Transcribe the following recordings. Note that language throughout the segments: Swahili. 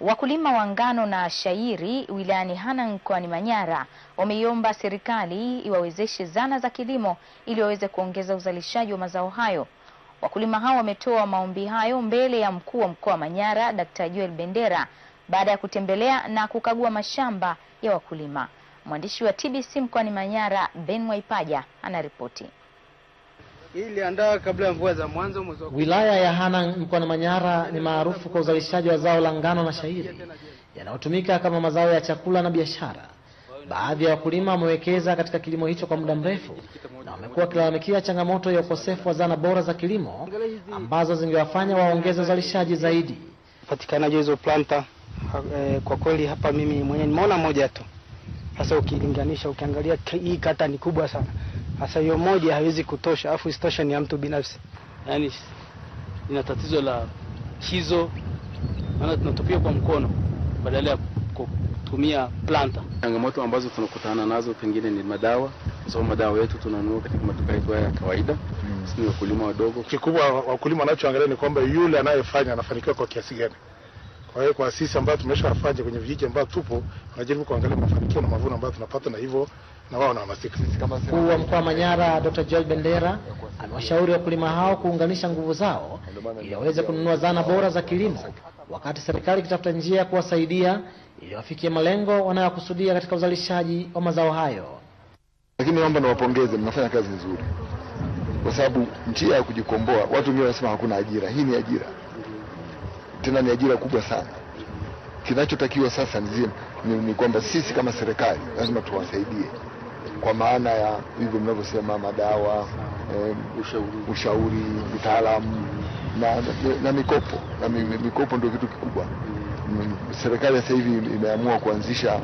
Wakulima wa ngano na shayiri wilayani Hanang mkoani Manyara wameiomba serikali iwawezeshe zana za kilimo ili waweze kuongeza uzalishaji wa mazao hayo. Wakulima hao wametoa maombi hayo mbele ya mkuu wa mkoa wa Manyara Dkt. Joel Bendera baada ya kutembelea na kukagua mashamba ya wakulima. Mwandishi wa TBC mkoani Manyara Ben Waipaja anaripoti iliandaa kabla ya mvua za mwanzo. Wilaya ya Hanang mkoani Manyara ni maarufu kwa uzalishaji wa zao la ngano na shairi yanayotumika kama mazao ya chakula na biashara. Baadhi ya wakulima wamewekeza katika kilimo hicho kwa muda mrefu na wamekuwa wakilalamikia changamoto ya ukosefu wa zana bora za kilimo ambazo zingewafanya waongeze uzalishaji zaidi. Upatikanaji hizo planta eh, kwa kweli hapa mimi mwenyewe nimeona moja tu. Sasa ukilinganisha, ukiangalia hii kata ni kubwa sana. Sasa hiyo moja hawezi kutosha, afu isitosha ni ya mtu binafsi, yaani ina tatizo la hizo, maana tunatupia kwa mkono badala ya kutumia planta. Changamoto ambazo tunakutana nazo pengine ni madawa, kwa sababu madawa yetu tunanunua katika maduka yetu haya ya kawaida. Hmm. Sisi ni wakulima wadogo. Kikubwa wakulima wanachoangalia ni kwamba yule anayefanya anafanikiwa kwa kiasi gani. Kwa hiyo kwa sisi ambao tumeshafanya kwenye vijiji ambao tupo, tunajaribu kuangalia mafanikio na mavuno ambayo tunapata, na hivyo na wao wanahamasika. Mkuu wa mkoa wa Manyara Dr. George Bendera amewashauri wakulima hao kuunganisha nguvu zao ili waweze kununua zana bora za kilimo, wakati serikali ikitafuta njia ya kuwasaidia ili wafikie malengo wanayokusudia katika uzalishaji wa mazao hayo. Lakini naomba niwapongeze, mnafanya kazi nzuri, kwa sababu njia ya kujikomboa, watu wengi wanasema hakuna ajira. Hii ni ajira tena ni ajira kubwa sana. Kinachotakiwa sasa ni, ni, ni kwamba sisi kama serikali lazima tuwasaidie kwa maana ya hivyo mnavyosema madawa, eh, ushauri, mtaalamu na, na, na mikopo na mikopo ndio kitu kikubwa. Serikali sasa hivi imeamua kuanzisha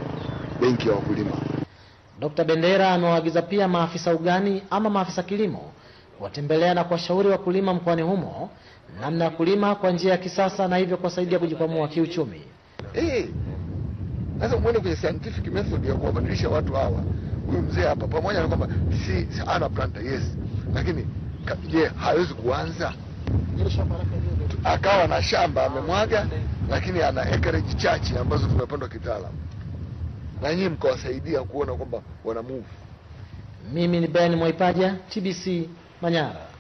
benki ya wakulima. Dr. Bendera amewaagiza pia maafisa ugani ama maafisa kilimo watembelea na kuwashauri wakulima mkoani humo namna ya kulima kwa njia ya kisasa na hivyo kuwasaidia kujikwamua kiuchumi. Eh, sasa mwende kwenye scientific method ya kuwabadilisha watu hawa. Huyu mzee hapa pamoja na kwamba si, si ana planta yes, lakini je, hawezi kuanza akawa na shamba amemwaga, lakini ana acreage chache ambazo zimepandwa kitaalamu, na nyinyi mkawasaidia kuona kwamba wana move. Mimi ni Ben Mwaipaja, TBC menyara.